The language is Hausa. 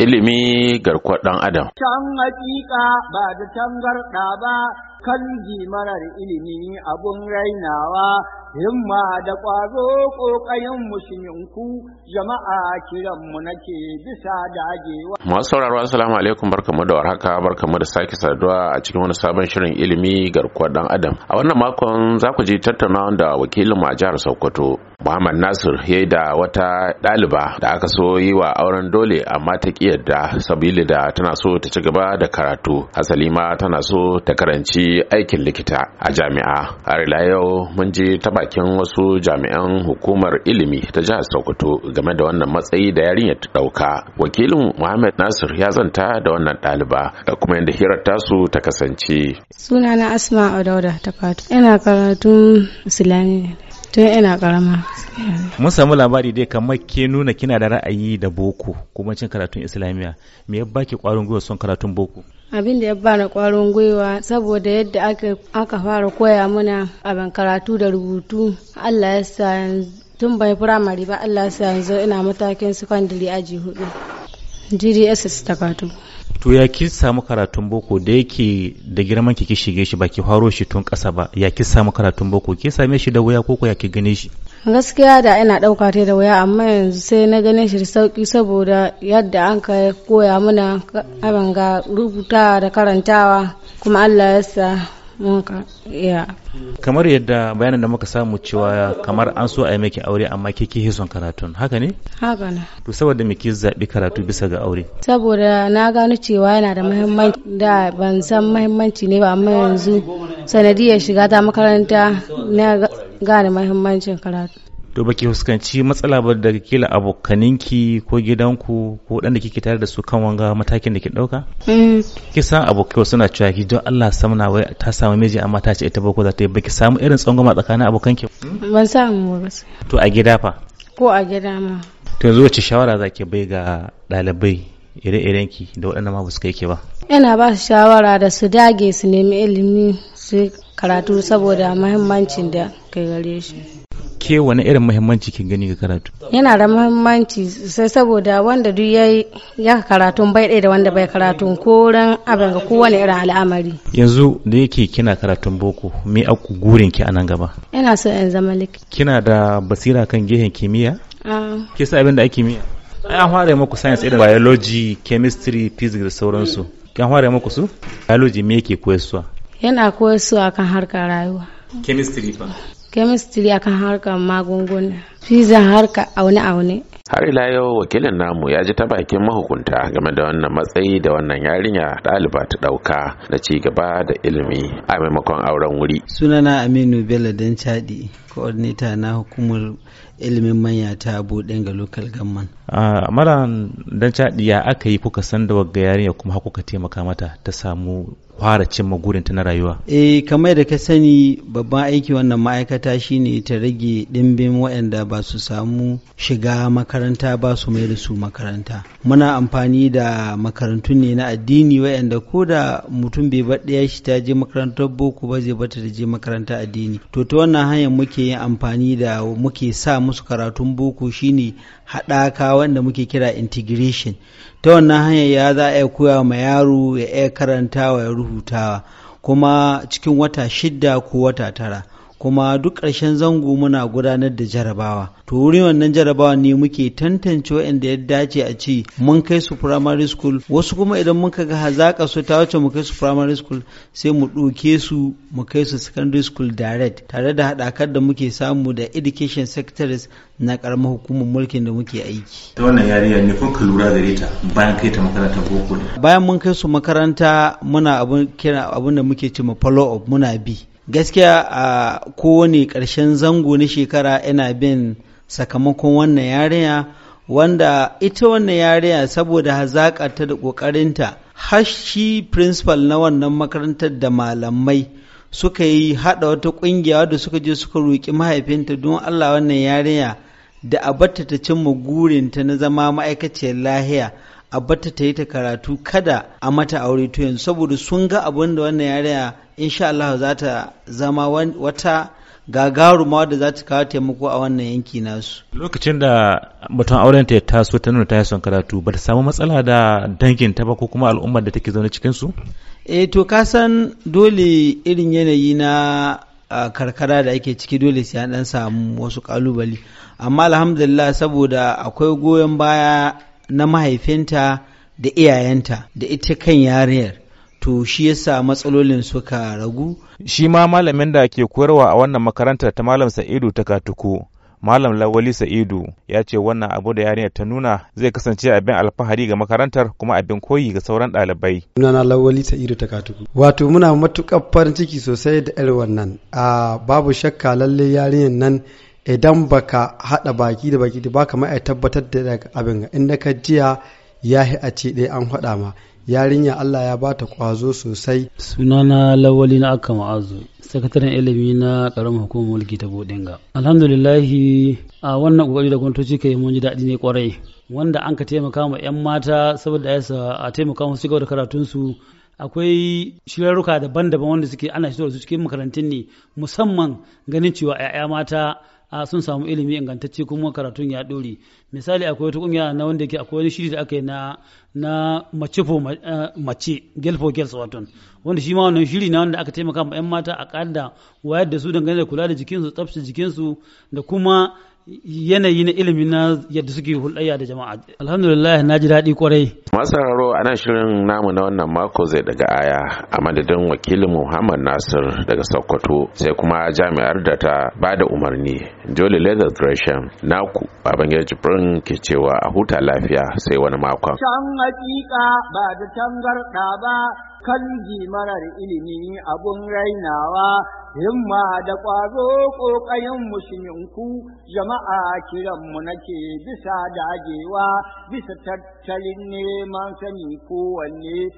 ilimi garkuwar ɗan adam. Can hakika ba da tangarɗa ba kan marar ilimi abun rainawa himma da ƙwazo ƙoƙayen musulunku jama'a kiranmu nake bisa dagewa. Masu sauraro assalamu alaikum barkamu da warhaka barkamu da sake saduwa a cikin wani sabon shirin ilimi garkuwar ɗan adam. A wannan makon za ku ji tattaunawa da wakilin a jihar Sokoto muhammad nasir ya yi da wata ɗaliba da aka so yi wa auren dole amma ta ƙi yadda sabili da tana so ta ci gaba da karatu asali ma tana so ta karanci aikin likita a jami'a har ila yau mun ji ta bakin wasu jami'an hukumar ilimi ta jihar sokoto game da wannan matsayi da yarinya ta ɗauka wakilin muhammad nasir ya zanta da wannan ɗaliba da kuma yadda hirar tasu ta kasance sunana asma dauda ta fatu ina karatun Islamiyya. tun ina karama mun samu labari dai kamar ke nuna kina da ra'ayi da boko kuma cin karatun islamiyya me ya baki kwarin gwiwa son karatun boko abin da ya bani kwarin gwiwa saboda yadda aka fara koya mana abin karatu da rubutu allah ya sa tun bai firamare ba allah ya sa yanzu ina matakin secondary aji hudu GDSS ta kato. To ya ki samu karatun boko da yake da girman ki shige shi ba ki faro shi tun ƙasa ba ya ki samu karatun boko ki same shi da wuya ko ko ya ki gane shi. Gaskiya da ina ɗauka ta da wuya amma yanzu sai na gane shi da sauƙi saboda yadda an ka koya mana abin ga rubuta da karantawa kuma Allah ya sa kamar yadda bayanin da muka samu cewa kamar an so a yi miki aure amma ke ke son karatun haka ne haka na to saboda me zabi karatu bisa ga aure saboda na gano cewa yana da muhimmanci da ban san muhimmanci ne ba amma yanzu sanadiyar shiga ta makaranta na gane muhimmancin karatu to baki fuskanci matsala ba daga kila abokaninki ko gidanku ko dan da kike tare da su kan wanga matakin da ke dauka eh. ki san abokai suna cewa ki don Allah na wai ta samu miji amma ta ce ita ba ko za ta yi baki samu irin tsangwama tsakanin abokanki ban samu ba to a gida fa ko a gida ma to yanzu wace shawara zaki bai ga dalibai ire-iren ki da waɗannan ma ba su kai ke ba ina ba su shawara da su dage su nemi ilimi su karatu saboda muhimmancin da kai gare shi ke wani irin muhimmanci kin gani ga karatu yana da muhimmanci sai saboda wanda duk ya ya karatu bai da wanda bai karatu ko ran abin ga kowane irin al'amari yanzu da yake kina karatun boko me aku gurin ki anan gaba ina so in zama likita kina da basira kan gehen kimiyya ah. ke sa abin da ake miya ai an fara muku science irin biology chemistry physics da sauransu kan fara muku su biology me yake koyarwa yana koyarwa kan harkar rayuwa chemistry fa chemistry akan harkar magunguna fiza harka aune-aune har ila yau wakilin namu ya ji ta bakin mahukunta game da wannan matsayi da wannan yarinya ɗaliba ta ɗauka na ci gaba da ilimi a maimakon auren wuri sunana aminu bello dan chadi coordinator na hukumar ilimin manya ta buɗe ga local gamman a mara don chadi ya aka yi kuka san da wagga yarinya kuma kuka taimaka mata ta samu fara cimma gurinta na rayuwa? E, kamar da ka sani babban aiki wannan ma'aikata shine ta rage dimbin waɗanda ba su samu shiga makaranta ba su mai da su makaranta. Muna amfani da makarantu ne na addini waɗanda ko da mutum bai bar ɗaya shi ta je makarantar boko ba zai bata da je makaranta addini. To ta wannan hanyar muke yin amfani da muke sa musu karatun boko shine haɗaka wanda muke kira integration. Ta wannan hanyar ya za a iya koya ma yaro ya iya wa ya ruhu hutawa kuma cikin wata shidda ko wata tara kuma duk ƙarshen zango muna gudanar da jarabawa to wurin wannan jarabawa ne muke tantance waɗanda ya dace a ci mun kai su primary school wasu kuma idan mun ga hazaƙa su ta wace mu kai su primary school sai mu ɗauke su mu kai su secondary school direct tare da haɗakar da muke samu da education secretaries na karamar hukumar mulkin da muke aiki. Ta wannan ne kun ka lura gare ta bayan kai ta makaranta boko. Bayan mun kai su makaranta muna abin abin da muke ce ma follow up muna bi. gaskiya a kowane ƙarshen zango na shekara ina bin sakamakon wannan yarinya wanda ita wannan yarinya saboda hazaƙarta da ƙoƙarinta har shi principal na wannan makarantar da malamai suka yi haɗa wata ƙungiya da suka je suka roƙi mahaifinta don Allah wannan yarinya da abarta ta cimma gurinta na zama ma'aikaciyar lahiya a bata ta yi ta karatu kada a mata aure to yanzu saboda sun ga abin da wannan yariya insha Allah za ta zama wata gagaruma da za ta kawo taimako a wannan yanki nasu. Lokacin da mutum auren ta taso ta nuna ta yi son karatu ba ta samu matsala da dangin ta ba ko kuma al'ummar da take zaune cikin su? Eh to ka san dole irin yanayi na karkara da ake ciki dole sai an dan samu wasu kalubale amma alhamdulillah saboda akwai goyon baya na mahaifinta da iyayenta da ita kan yariyar to shi yasa matsalolin suka ragu shi ma malamin da ke koyarwa a wannan makarantar ta malam sa'idu ta katuku Malam Lawali Sa'idu ya ce wannan abu da yarinyar ta nuna zai kasance abin alfahari ga makarantar kuma abin koyi ga sauran ɗalibai. Lawali Sa'idu ta katuku. Wato muna matuƙar farin ciki sosai da irin wannan. A ah, babu shakka lallai yarinyar nan idan baka haɗa baki da baki ba ka a tabbatar da abin inda ka jiya ya yi a ce ɗaya an hada ma yarinya Allah ya bata kwazo sosai sunana lawali na aka ma'azu sakataren ilimi na ƙaramin hukumar mulki ta bodinga alhamdulillahi a wannan kokari da kwantoci kai mun ji daɗi ne kwarai wanda an ka taimaka ma 'yan mata saboda yasa a taimaka musu cigaba da karatunsu akwai shirarruka daban-daban wanda suke ana shirya su cikin makarantun ne musamman ganin cewa 'ya'ya mata a sun samu ilimi ingantacce kuma karatun ya dore misali akwai wata kungiya na wanda yake akwai shiri da aka yi na na mace fo eh, mace girl for girls wato wanda shi ma wannan shiri na wanda aka taimaka ma yan mata a ƙalla wayar da su dangane da kula da jikinsu tsaftace jikinsu da kuma yanayi na ilimi na yadda suke hulɗayya da jama'a alhamdulillah na ji daɗi kwarai masararo a nan shirin namu na wannan mako zai daga aya a madadin wakilin muhammad nasir daga sokoto sai kuma jami'ar da ta ba da umarni jolly leather gresham naku babangida jibrin ke cewa a huta lafiya sai wani makon can hakika ba da tangarɗa ba kanji marar ilimi abun rainawa himma da ƙwazo ƙoƙayen musulunku, jama'a kiranmu nake bisa dagewa bisa tattalin neman sani kowanne